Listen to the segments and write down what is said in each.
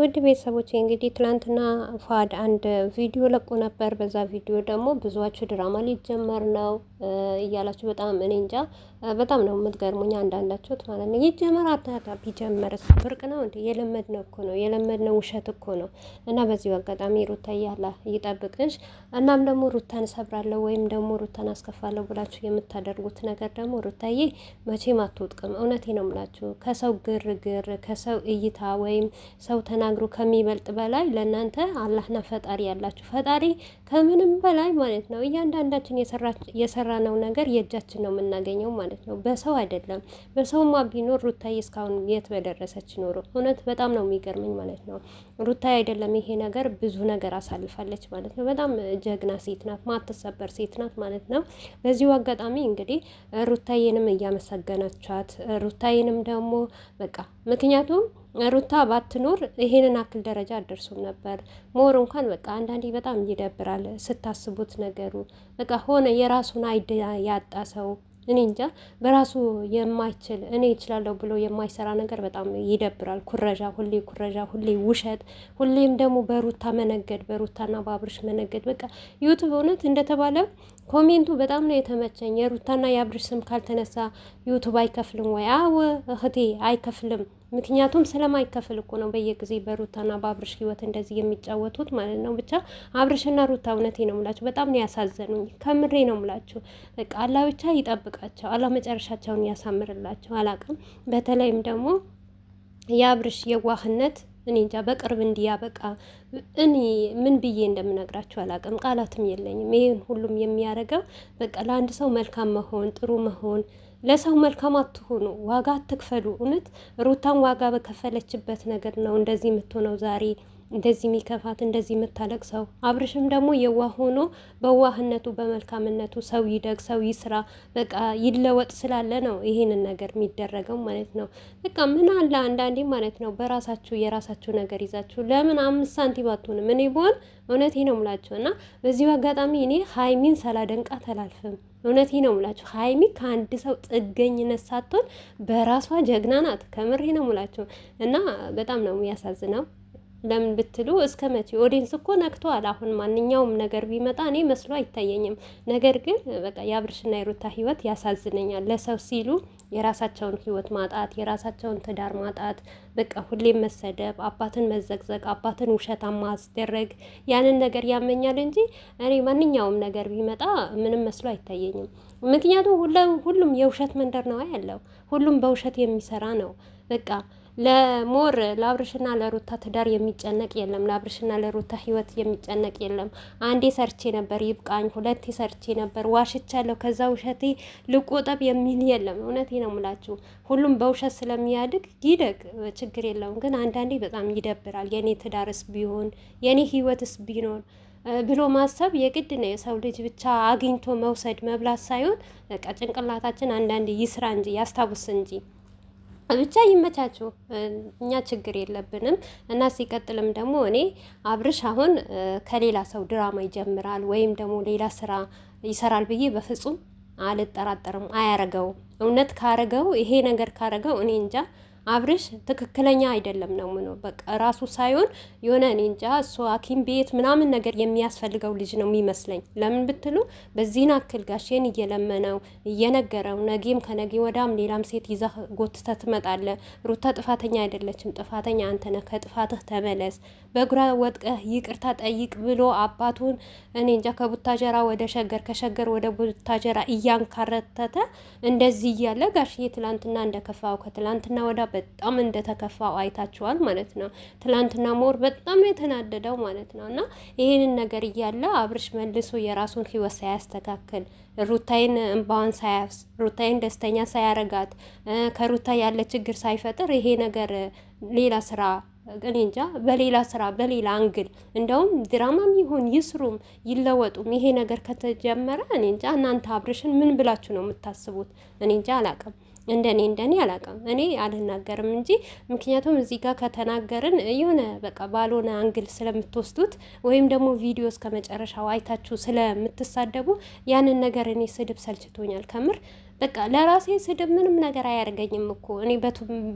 ውድ ቤተሰቦች እንግዲህ ትላንትና ፋድ አንድ ቪዲዮ ለቆ ነበር። በዛ ቪዲዮ ደግሞ ብዙዎቹ ድራማ ሊጀመር ነው እያላችሁ በጣም እኔ እንጃ በጣም ነው የምትገርሙኝ አንዳንዳችሁት ማለት ነው። ይጀመር አታታ ቢጀመርስ ብርቅ ነው እንዴ? የለመድነው እኮ ነው የለመድነው ውሸት እኮ ነው። እና በዚሁ አጋጣሚ ሩታ እያላ ይጠብቅሽ። እናም ደግሞ ሩታን ሰብራለሁ ወይም ደግሞ ሩታን አስከፋለሁ ብላችሁ የምታደርጉት ነገር ደግሞ ሩታዬ መቼም አትወጥቅም። እውነቴ ነው የምላችሁ ከሰው ግርግር ከሰው እይታ ወይም ሰው ተና ተናግሮ ከሚበልጥ በላይ ለእናንተ አላህና ፈጣሪ ያላችሁ ፈጣሪ ከምንም በላይ ማለት ነው። እያንዳንዳችን የሰራነው ነገር የእጃችን ነው የምናገኘው ማለት ነው። በሰው አይደለም። በሰውማ ቢኖር ሩታዬ እስካሁን የት በደረሰች ኖሮ። እውነት በጣም ነው የሚገርመኝ ማለት ነው። ሩታዬ አይደለም ይሄ ነገር ብዙ ነገር አሳልፋለች ማለት ነው። በጣም ጀግና ሴት ናት፣ ማትሰበር ሴት ናት ማለት ነው። በዚሁ አጋጣሚ እንግዲህ ሩታዬንም እያመሰገናችኋት ሩታዬንም ደግሞ በቃ ምክንያቱም ሩታ ባትኖር ይሄንን አክል ደረጃ አደርሱም ነበር። ሞር እንኳን በቃ አንዳንዴ በጣም ይደብራል ስታስቡት ነገሩ በቃ ሆነ የራሱን አይድ ያጣ ሰው እኔ እንጃ በራሱ የማይችል እኔ እችላለሁ ብሎ የማይሰራ ነገር በጣም ይደብራል። ኩረዣ ሁሌ ኩረዣ ሁሌ ውሸት ሁሌም ደግሞ በሩታ መነገድ በሩታና በአብርሽ መነገድ በቃ ዩቱብ እውነት እንደተባለ ኮሜንቱ በጣም ነው የተመቸኝ። የሩታና የአብርሽ ስም ካልተነሳ ዩቱብ አይከፍልም ወይ? አዎ እህቴ አይከፍልም። ምክንያቱም ስለማይከፍል እኮ ነው በየጊዜ በሩታና በአብርሽ ህይወት እንደዚህ የሚጫወቱት ማለት ነው። ብቻ አብርሽና ሩታ እውነቴ ነው ምላችሁ በጣም ነው ያሳዘኑኝ። ከምሬ ነው ምላችሁ። በቃ አላ ብቻ ይጠብቃቸው፣ አላ መጨረሻቸውን ያሳምርላቸው። አላቅም። በተለይም ደግሞ የአብርሽ የዋህነት እኔ እንጃ በቅርብ እንዲያበቃ እኔ ምን ብዬ እንደምነግራችሁ አላውቅም። ቃላትም የለኝም። ይህን ሁሉም የሚያደርገው በቃ ለአንድ ሰው መልካም መሆን፣ ጥሩ መሆን። ለሰው መልካም አትሆኑ፣ ዋጋ አትክፈሉ። እውነት ሩታን ዋጋ በከፈለችበት ነገር ነው እንደዚህ የምትሆነው ዛሬ እንደዚህ የሚከፋት እንደዚህ የምታለቅ ሰው አብርሽም ደግሞ የዋህ ሆኖ በዋህነቱ በመልካምነቱ ሰው ይደግ ሰው ይስራ በቃ ይለወጥ ስላለ ነው ይሄንን ነገር የሚደረገው ማለት ነው። በቃ ምን አለ አንዳንዴ ማለት ነው በራሳችሁ የራሳችሁ ነገር ይዛችሁ ለምን አምስት ሳንቲም አትሆንም? እኔ ብሆን እውነቴ ነው የምላችሁ እና በዚሁ አጋጣሚ እኔ ሀይሚን ሳላደንቃት አላልፍም። እውነቴ ነው የምላችሁ ሀይሚ ከአንድ ሰው ጥገኝነት ሳትሆን በራሷ ጀግና ናት። ከምሬ ነው የምላችሁ እና በጣም ነው የሚያሳዝነው። ለምን ብትሉ እስከ መቼ ኦዲንስ እኮ ነክቷል። አሁን ማንኛውም ነገር ቢመጣ እኔ መስሎ አይታየኝም። ነገር ግን በቃ የአብርሽና የሩታ ህይወት ያሳዝነኛል። ለሰው ሲሉ የራሳቸውን ህይወት ማጣት፣ የራሳቸውን ትዳር ማጣት፣ በቃ ሁሌም መሰደብ፣ አባትን መዘግዘግ፣ አባትን ውሸታ ማስደረግ ያንን ነገር ያመኛል እንጂ እኔ ማንኛውም ነገር ቢመጣ ምንም መስሎ አይታየኝም። ምክንያቱም ሁሉም የውሸት መንደር ነው ያለው። ሁሉም በውሸት የሚሰራ ነው። በቃ ለሞር ለአብርሽና ለሩታ ትዳር የሚጨነቅ የለም። ለአብርሽና ለሩታ ህይወት የሚጨነቅ የለም። አንዴ ሰርቼ ነበር ይብቃኝ፣ ሁለቴ ሰርቼ ነበር ዋሽቻለሁ፣ ከዛ ውሸቴ ልቆጠብ የሚል የለም። እውነቴ ነው ምላችሁ ሁሉም በውሸት ስለሚያድግ ይደግ፣ ችግር የለውም። ግን አንዳንዴ በጣም ይደብራል። የኔ ትዳርስ ቢሆን የኔ ህይወትስ ቢኖር ብሎ ማሰብ የግድ ነው። የሰው ልጅ ብቻ አግኝቶ መውሰድ መብላት ሳይሆን በቃ ጭንቅላታችን አንዳንዴ ይስራ እንጂ ያስታውስ እንጂ ብቻ ይመቻችሁ። እኛ ችግር የለብንም እና ሲቀጥልም ደግሞ እኔ አብርሽ አሁን ከሌላ ሰው ድራማ ይጀምራል ወይም ደግሞ ሌላ ስራ ይሰራል ብዬ በፍጹም አልጠራጠርም። አያረገው እውነት ካረገው ይሄ ነገር ካረገው እኔ እንጃ አብርሽ ትክክለኛ አይደለም ነው ምኖ በቃ ራሱ ሳይሆን የሆነ እኔ እንጃ እሱ ሐኪም ቤት ምናምን ነገር የሚያስፈልገው ልጅ ነው የሚመስለኝ። ለምን ብትሉ በዚህን አክል ጋሼን እየለመነው እየነገረው ነጌም ከነጌ ወዳም ሌላም ሴት ይዛ ጎትተ ትመጣለ። ሩታ ጥፋተኛ አይደለችም፣ ጥፋተኛ አንተነህ ከጥፋትህ ተመለስ፣ በእግሯ ወጥቀህ ይቅርታ ጠይቅ ብሎ አባቱን እኔ እንጃ ከቡታጀራ ወደ ሸገር ከሸገር ወደ ቡታጀራ እያንካረተተ እንደዚህ እያለ ጋሽዬ ትላንትና እንደከፋው ከትላንትና ወዳ በጣም እንደተከፋው አይታችኋል ማለት ነው። ትላንትና ሞር በጣም የተናደደው ማለት ነው። እና ይህንን ነገር እያለ አብርሽ መልሶ የራሱን ህይወት ሳያስተካክል ሩታይን እምባዋን ሳያፍስ ሩታይን ደስተኛ ሳያረጋት ከሩታ ያለ ችግር ሳይፈጥር ይሄ ነገር ሌላ ስራ እኔ እንጃ በሌላ ስራ በሌላ አንግል እንደውም ድራማም ይሁን ይስሩም ይለወጡም ይሄ ነገር ከተጀመረ እኔ እንጃ እናንተ አብርሽን ምን ብላችሁ ነው የምታስቡት? እኔ እንጃ አላውቅም። እንደኔ እንደኔ አላውቅም። እኔ አልናገርም እንጂ ምክንያቱም እዚህ ጋር ከተናገርን የሆነ በቃ ባልሆነ አንግል ስለምትወስዱት ወይም ደግሞ ቪዲዮ እስከ መጨረሻው አይታችሁ ስለምትሳደቡ ያንን ነገር እኔ ስድብ ሰልችቶኛል ከምር በቃ ለራሴ ስድብ ምንም ነገር አያደርገኝም እኮ እኔ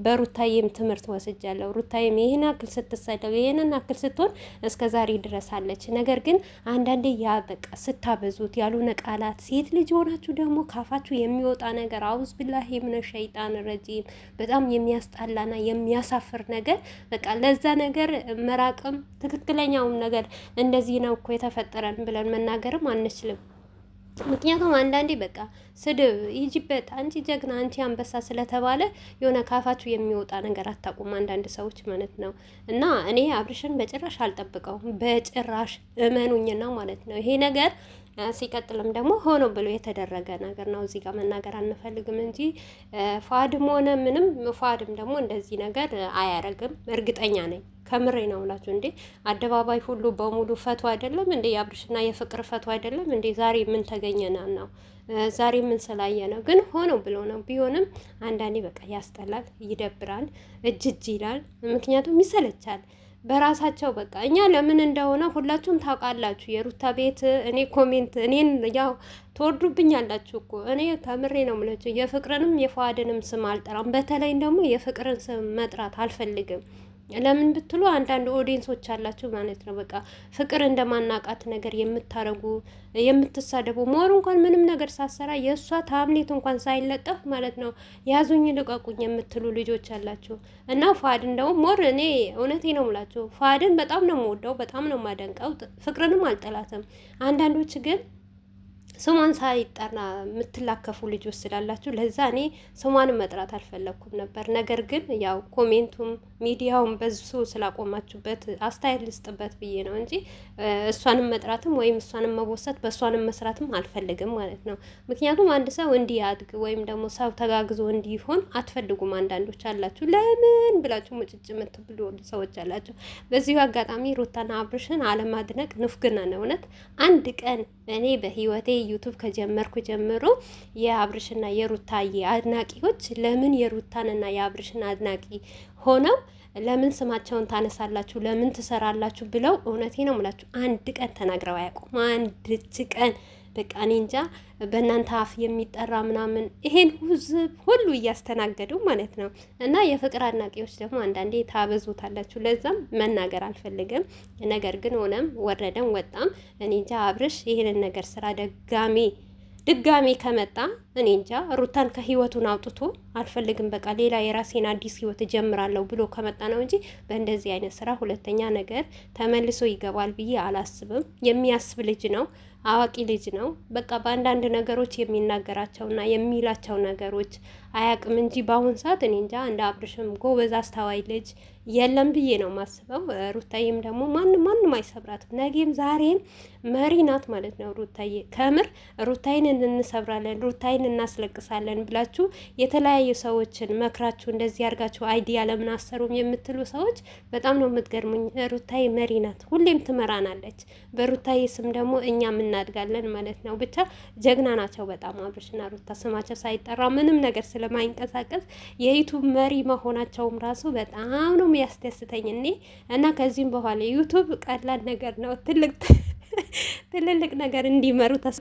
በሩታዬም ትምህርት ወስጃለሁ። ሩታዬም ይህን አክል ስትሰደብ ይህንን አክል ስትሆን እስከ ዛሬ ድረሳለች። ነገር ግን አንዳንዴ ያ በቃ ስታበዙት ያልሆነ ቃላት፣ ሴት ልጅ የሆናችሁ ደግሞ ካፋችሁ የሚወጣ ነገር አውዝ ብላህ ምነ ሸይጣን ረጂም በጣም የሚያስጣላና የሚያሳፍር ነገር በቃ ለዛ ነገር መራቅም ትክክለኛውም ነገር እንደዚህ ነው እኮ የተፈጠረን ብለን መናገርም አንችልም። ምክንያቱም አንዳንዴ በቃ ስድብ ይጅበት አንቺ ጀግና አንቺ አንበሳ ስለተባለ የሆነ ካፋችሁ የሚወጣ ነገር አታውቁም፣ አንዳንድ ሰዎች ማለት ነው። እና እኔ አብርሽን በጭራሽ አልጠብቀውም፣ በጭራሽ እመኑኝና ማለት ነው ይሄ ነገር ሲቀጥልም ደግሞ ሆኖ ብሎ የተደረገ ነገር ነው። እዚህ ጋር መናገር አንፈልግም እንጂ ፋድም ሆነ ምንም ፏድም ደግሞ እንደዚህ ነገር አያረግም፣ እርግጠኛ ነኝ። ከምሬ ነው ብላችሁ እንዴ አደባባይ ሁሉ በሙሉ ፈቶ አይደለም እንዴ የአብርሽና የፍቅር ፈቶ አይደለም እንዴ ዛሬ ምን ተገኘና ነው ዛሬ ምን ስላየ ነው ግን ሆኖ ብሎ ነው ቢሆንም አንዳንዴ በቃ ያስጠላል ይደብራል እጅ እጅ ይላል ምክንያቱም ይሰለቻል በራሳቸው በቃ እኛ ለምን እንደሆነ ሁላችሁም ታውቃላችሁ። የሩታ ቤት እኔ ኮሜንት እኔን ያው አላችሁ እኮ እኔ ከምሬ ነው የምላችሁ። የፍቅርንም የፈዋድንም ስም አልጠራም። በተለይ ደግሞ የፍቅርን ስም መጥራት አልፈልግም። ለምን ብትሉ አንዳንድ ኦዲየንሶች አላችሁ ማለት ነው። በቃ ፍቅር እንደማናቃት ነገር የምታረጉ የምትሳደቡ፣ ሞር እንኳን ምንም ነገር ሳሰራ የእሷ ታምኔት እንኳን ሳይለጠፍ ማለት ነው ያዙኝ ልቀቁኝ የምትሉ ልጆች አላችሁ እና ፋድ እንደውም ሞር እኔ እውነቴ ነው የምላችሁ ፋድን በጣም ነው የምወደው፣ በጣም ነው የማደንቀው፣ ፍቅርንም አልጠላትም። አንዳንዶች ግን ስሟን ሳይጠራ የምትላከፉ ልጆች ስላላችሁ ለዛ እኔ ስሟንም መጥራት አልፈለግኩም ነበር። ነገር ግን ያው ኮሜንቱም ሚዲያውም በዙ ስላቆማችሁበት አስተያየት ልስጥበት ብዬ ነው እንጂ እሷንም መጥራትም ወይም እሷንም መቦሰት በእሷንም መስራትም አልፈልግም ማለት ነው። ምክንያቱም አንድ ሰው እንዲያድግ ወይም ደግሞ ሰው ተጋግዞ እንዲሆን አትፈልጉም። አንዳንዶች አላችሁ ለምን ብላችሁ ሙጭጭ የምትብሉ ሰዎች አላችሁ። በዚሁ አጋጣሚ ሩታና አብርሽን አለማድነቅ ንፍግና ነው። እውነት አንድ ቀን እኔ በህይወቴ ዩቱብ ከጀመርኩ ጀምሮ የአብርሽና የሩታ አድናቂዎች ለምን የሩታንና የአብርሽን አድናቂ ሆነው ለምን ስማቸውን ታነሳላችሁ? ለምን ትሰራላችሁ? ብለው እውነቴ ነው ምላችሁ አንድ ቀን ተናግረው አያውቁም። አንድ ቀን በቃ እኔ እንጃ በእናንተ አፍ የሚጠራ ምናምን ይሄን ህዝብ ሁሉ እያስተናገዱ ማለት ነው። እና የፍቅር አድናቂዎች ደግሞ አንዳንዴ ታበዙታላችሁ። ለዛም መናገር አልፈልግም። ነገር ግን ሆነም ወረደም ወጣም እኔ እንጃ አብርሽ ይሄንን ነገር ስራ ደጋሚ ድጋሚ ከመጣ እኔ እንጃ ሩታን ከህይወቱን አውጥቶ አልፈልግም በቃ ሌላ የራሴን አዲስ ህይወት እጀምራለሁ ብሎ ከመጣ ነው እንጂ በእንደዚህ አይነት ስራ ሁለተኛ ነገር ተመልሶ ይገባል ብዬ አላስብም። የሚያስብ ልጅ ነው፣ አዋቂ ልጅ ነው። በቃ በአንዳንድ ነገሮች የሚናገራቸውና የሚላቸው ነገሮች አያቅም እንጂ በአሁን ሰዓት እኔ እንጃ እንደ አብርሽም ጎበዝ አስተዋይ ልጅ የለም ብዬ ነው ማስበው። ሩታዬም ደግሞ ማንም ማንም አይሰብራትም። ነገም ዛሬም መሪ ናት ማለት ነው ሩታዬ። ከምር ሩታዬን እንሰብራለን ሩታዬን እናስለቅሳለን ብላችሁ የተለያዩ ሰዎችን መክራችሁ እንደዚህ ያርጋችሁ አይዲያ ለምን አሰሩም የምትሉ ሰዎች በጣም ነው የምትገርሙኝ። ሩታዬ መሪ ናት፣ ሁሌም ትመራናለች። በሩታዬ ስም ደግሞ እኛም እናድጋለን ማለት ነው። ብቻ ጀግና ናቸው በጣም አብርሽና ሩታ። ስማቸው ሳይጠራ ምንም ነገር ስለማይንቀሳቀስ የዩቱብ መሪ መሆናቸውም ራሱ በጣም ነው ያስደስተኝ እኔ እና ከዚህም በኋላ ዩቱብ ቀላል ነገር ነው ትልቅ ትልልቅ ነገር እንዲመሩ ተስ